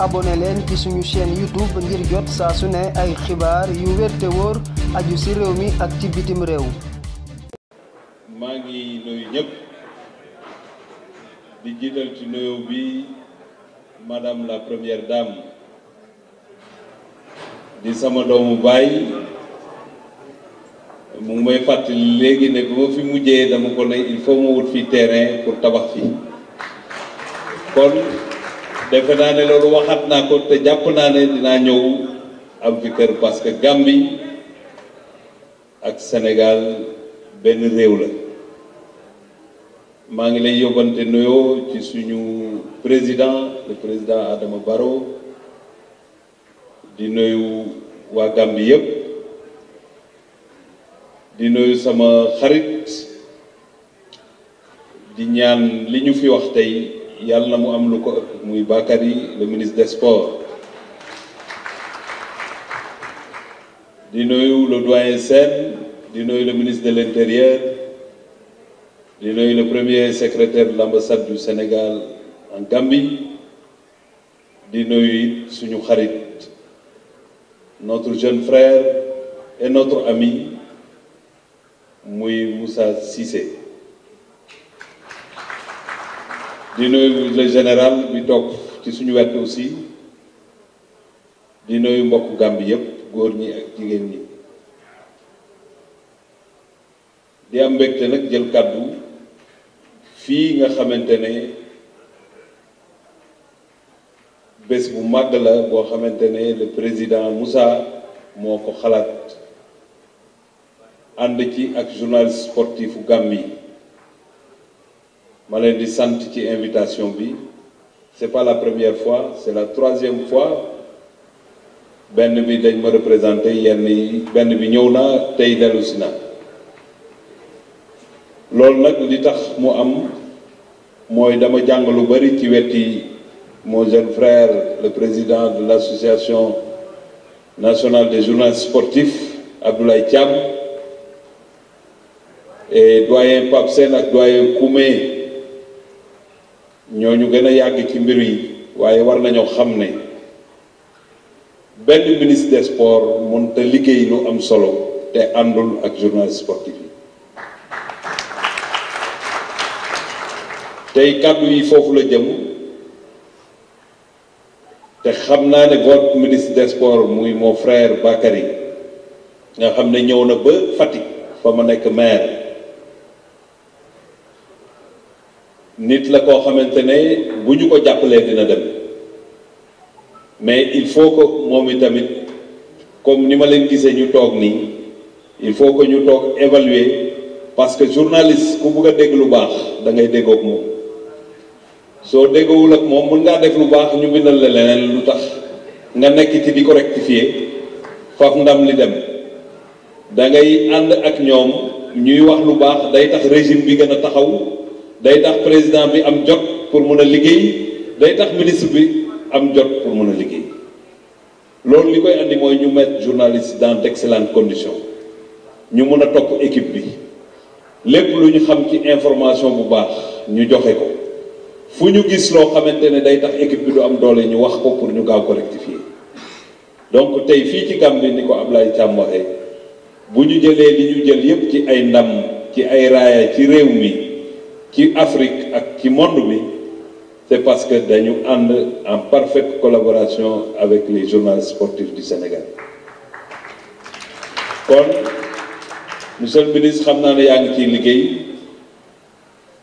abonné leen ci suñu chaîne YouTube ngir jot saa su ne ay xibaar yu wér te wóor aju ci réew mi ak ci bitim réew. maa ngi nuyu ñëpp di jiital ci nuyu bi madame la première dame di sama doomu baay mu ngi may fàttali léegi ne bu ma fi mujjee dama ko ne il faut ma wut fi terrain pour tabax fi kon. defe naa ne loolu waxaat naa ko te jàpp naa ne dinaa ñëw am fi kër parce que Gambie ak Sénégal benn réew la maa ngi lay yóbbante nuyoo ci suñu président le président Adama Barrow di nuyu waa Gambie yépp di nuyu sama xarit di ñaan li ñu fi wax tey yàlla na mu am lu ko ëpp muy Bakary le ministre des sports di nuyu le doyen Sène di nuyu le ministre de l'intérieur di nuyu le premier secrétaire de l'ambassade du Sénégal en Gambie di nuyu it suñu xarit notre jeune frère et notre ami muy Moussa Cissé di nuyu le général bi toog ci suñu wet aussi di nuyu mbokku Gàmbi yépp góor ñi ak jigéen ñi di am mbégte nag jël kàddu fii nga xamante ne bés bu màgg la boo xamante ne le président Moussa moo ko xalaat ànd ci ak journaliste sportifu yi maleen di sant ci invitation bi c'est pas la première fois c'est la troisième fois benn bi dañ ma représenté yenn yi benn bi ñëw na tey dellu na naa loolu nag li tax mu am mooy dama jàng lu bari ci wetti moo jeune frère le président de l'association nationale des journalistes sportifs Abdoulaye Thiam et doyen Pape Sène ak doyen ñooñu gën a yàgg ci mbir yi waaye war nañoo xam ne benn ministre des sports mënta liggéey lu am solo te àndul ak journaliste sportif yi tey kàddu yi foofu la jëm te xam naa ne votre ministre des muy mon frère Bakary nga xam ne ñëw na ba Fatick fa ma nekk maire nit la koo xamante ne bu ñu ko jàppalee dina dem mais il faut que moom itamit comme ni ma leen gisee ñu toog nii il faut que ñu toog évaluer parce que journaliste ku bugg a dégg lu baax da ngay déggoog moom soo déggoowul ak moom mën ngaa def lu baax ñu bindal la leneen lu tax nga nekk ci di ko rectifier faf ndam li dem da ngay ànd ak ñoom ñuy wax lu baax day tax régime bi gën a taxaw day tax président bi am jot pour mun a liggéey day tax ministre bi am jot pour mun a liggéey loolu li koy andi mooy ñu mettre journaliste dans d'excellentes conditions ñu mun a topp équipe bi lépp lu ñu xam ci information bu baax ñu joxe ko fu ñu gis loo xamante ne day tax équipe bi du am doole ñu wax ko pour ñu gaaw ko rectifier donc tey fii ci Gambie ni ko Ablaye Thiam waxee bu ñu jëlee li ñu jël yépp ci ay ndam ci ay raaya ci réew mi ci Afrique ak ci monde bi c'est parce que dañu ànd en parfaite collaboration avec les journalistes sportifs du Sénégal kon monsieur le xam naa ne yaa ciy liggéey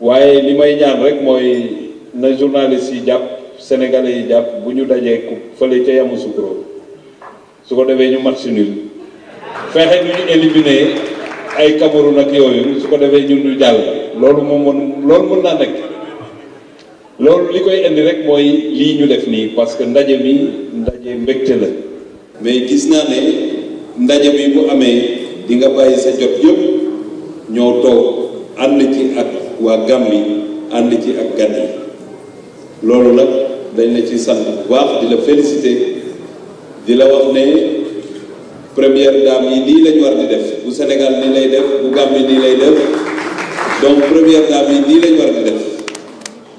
waaye li may ñaan rek mooy na journalistes yi jàpp sénégalais yi jàpp bu ñu dajee ku fële ca Yamoussoukro su ko defee ñu match nul fexe ñu éliminer ay Cameroun ak yooyu su ko defee ñun ñu jàll loolu moom mën loolu mën naa nekk loolu li koy indi rek mooy lii ñu def nii parce que ndaje mi ndaje mbégte la mais gis naa ne ndaje bi bu amee dinga nga bàyyi sa jot yëpp ñoo toog ànd ci ak waa Gàmbi ànd ci ak gan loolu nag dañ ne ci sant bu baax di la féliciter wax ne première dame yi lii lañ war di def bu Sénégal nii lay def bu gàmmi nii lay def donc première dame yi nii lañ war di def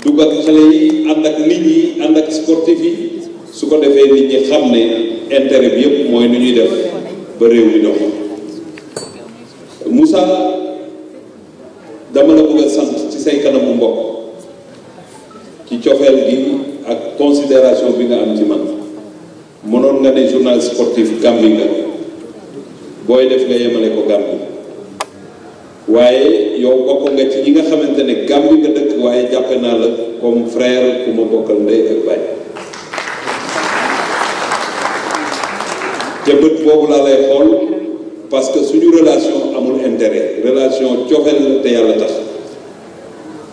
dugg ak xale yi ànd ak nit ñi ànd ak sportif yi su ko defee nit ñi xam ne intérêt bi yëpp mooy nu ñuy def ba réew mi dox Moussa dama la bëgg sant ci say kanamu mbokk ci cofeel gi ak consideration bi nga am ci man mënoon nga ne journal sportif Gambie nga booy def nga yemale ko Gambie waaye yow bokk nga ci ñi nga xamante ne Gàmbi nga dëkk waaye jàppe naa la comme frère ku ma bokkal ndey ak baay te bët boobu laa lay xool parce que suñu relation amul intérêt relation cofeel la te yàlla tax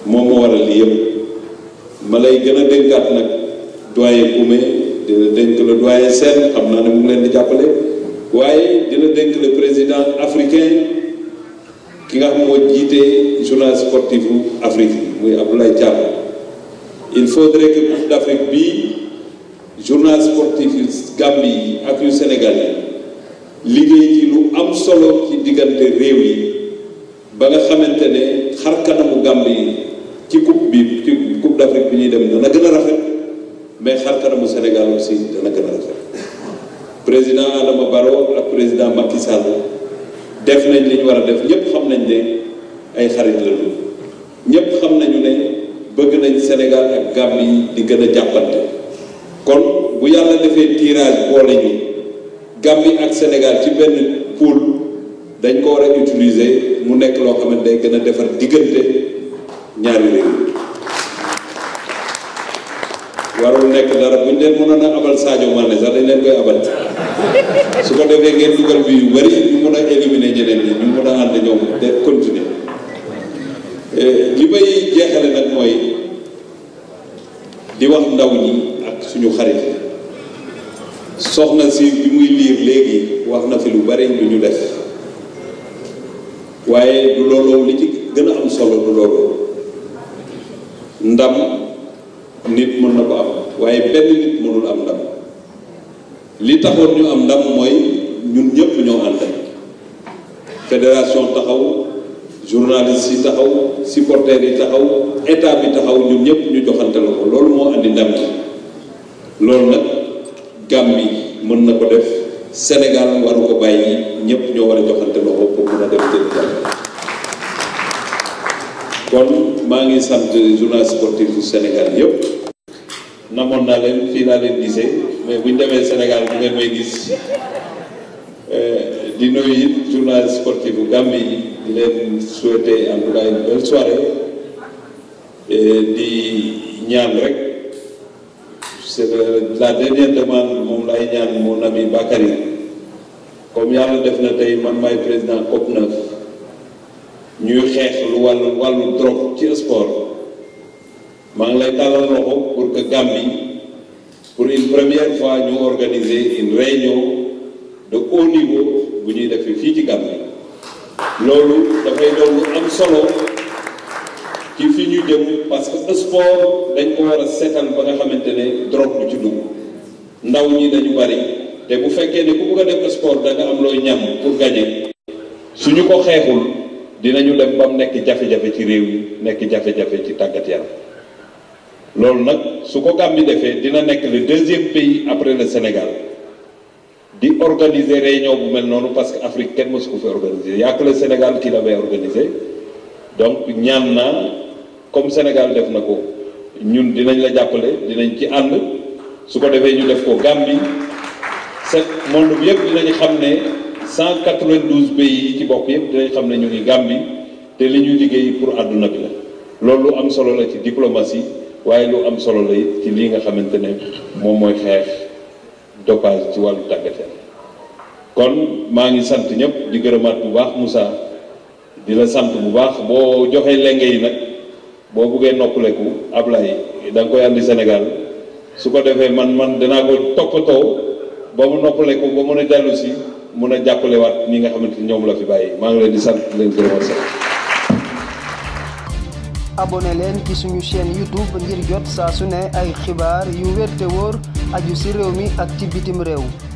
moom moo waral lii yëpp ma lay gën a dénkaat nag doyen Koumé dina dénk la doyen Sène xam naa ne mu ngi leen di jàppale waaye dina denk le président africain ki nga xam moo jiite journal sportif bu Afrique muy Abdoulaye Thiam il faudrait que Coupe d'Afrique bi journal sportif yu Gambie yi ak yu Sénégal yi liggéey ci lu am solo ci diggante réew yi ba nga xamante ne xar kanamu Gambie ci coupe bi ci Coupe d'Afrique bi ñuy dem dana gën a rafet mais xar kanamu Sénégal aussi dana gën a rafet président Adama Barrow ak président Macky Sall. def nañ li war a def ñëpp xam nañ ne ay xarit la ñu ñëpp xam nañu ne bëgg nañ senegal ak Gambie di gën a jàppante kon bu yàlla defee tirage boole ñu Gambie ak Sénégal ci benn pool dañ ko war a utiliser mu nekk loo xamante day gën a defar diggante ñaari réew warul nekk dara bu leen mënoon a abal Sadio Mané sax dañ leen koy abal. su ko defee ngeen dugal bi yu bari ñu mun a éliminer ñeneen ñi ñu mun a ànd ñoom de continuer eh, li may jeexale nag mooy di wax ndaw ñi ak suñu xarit soxna si bi muy liir léegi wax na fi lu bëri lu ñu def waaye du looloo li ci gën a am solo du looloo ndam nit mën na ko am waaye benn nit mënul am ndam li taxoon ñu am ndam mooy ñun ñëpp ñoo ànd fédération taxaw journaliste yi taxaw supporters yi taxaw état bi taxaw ñun ñëpp ñu joxante ko loolu moo indi ndam bi loolu nag Gambie mën na ko def Sénégal waru ko bàyyi ñëpp ñoo war a joxante loxo pour mën def seen kon maa ngi sant journal sportif bu Sénégal yëpp namoon naa leen fii laa leen gisee mais buñ demee Sénégal bu ngeen may gis euh, di nuyu it bu Gambie yi di leen souhaiter en tout cas une belle soirée euh, di ñaan rek c'est la dernière demande moom lay ñaan mon ami Bakary comme yàlla def na tey man maay président COP 9 ñuy xeex lu wàllu wàllu drogue ci sport maa ngi lay tàllal loxo pour que Gambie pour une première fois ñu organiser une réunion de haut niveau bu ñuy defee fii ci Gambie loolu dafay doon am solo ci fi ñu jëm parce que sport dañ ko war a seetal ba nga xamante ne drogue du ci dugg ndaw ñi dañu bari te bu fekkee ne ku bëgg a def sport da am looy ñam pour su ñu ko xeexul dinañu dem ba mu nekk jafe-jafe ci réew yi nekk jafe-jafe ci tàggat yaram. loolu nag su ko Gambie defee dina nekk le deuxième pays après le Sénégal di organiser réunion bu mel noonu parce que Afrique kenn mësu ko fi organiser y'a que sénégal Sénégal qui l'avait organisé donc ñaan naa comme Sénégal def na ko ñun dinañ la jàppale dinañ ci ànd su ko defee ñu def ko Gambie set monde bi yëpp dinañ xam ne 192 pays yi ci bokk yëpp dinañ xam ne ñu ngi Gambie te li ñuy liggéey pour àdduna bi la loolu am solo la ci diplomasi waaye lu am solo la ci lii nga xamante ne moom mooy xeex dopage ci wàllu tàggat kon maa ngi sant ñëpp di gërëmaat bu baax Moussa di la sant bu baax boo joxee lenge yi nag boo buggee noppaleku ab da nga koy àndi senegal su ko defee man man danaa ko toppatoo ba mu ko ba mën a dellu si mun a jàppalewaat ñi nga xamante ni ñoom la fi bàyyi maa ngi leen di sant leen gërëmaat sax abonné leen ci suñu chaîne YouTube ngir jot saa su ne ay xibaar yu wér woor wóor ci réew mi ak ci bitim réew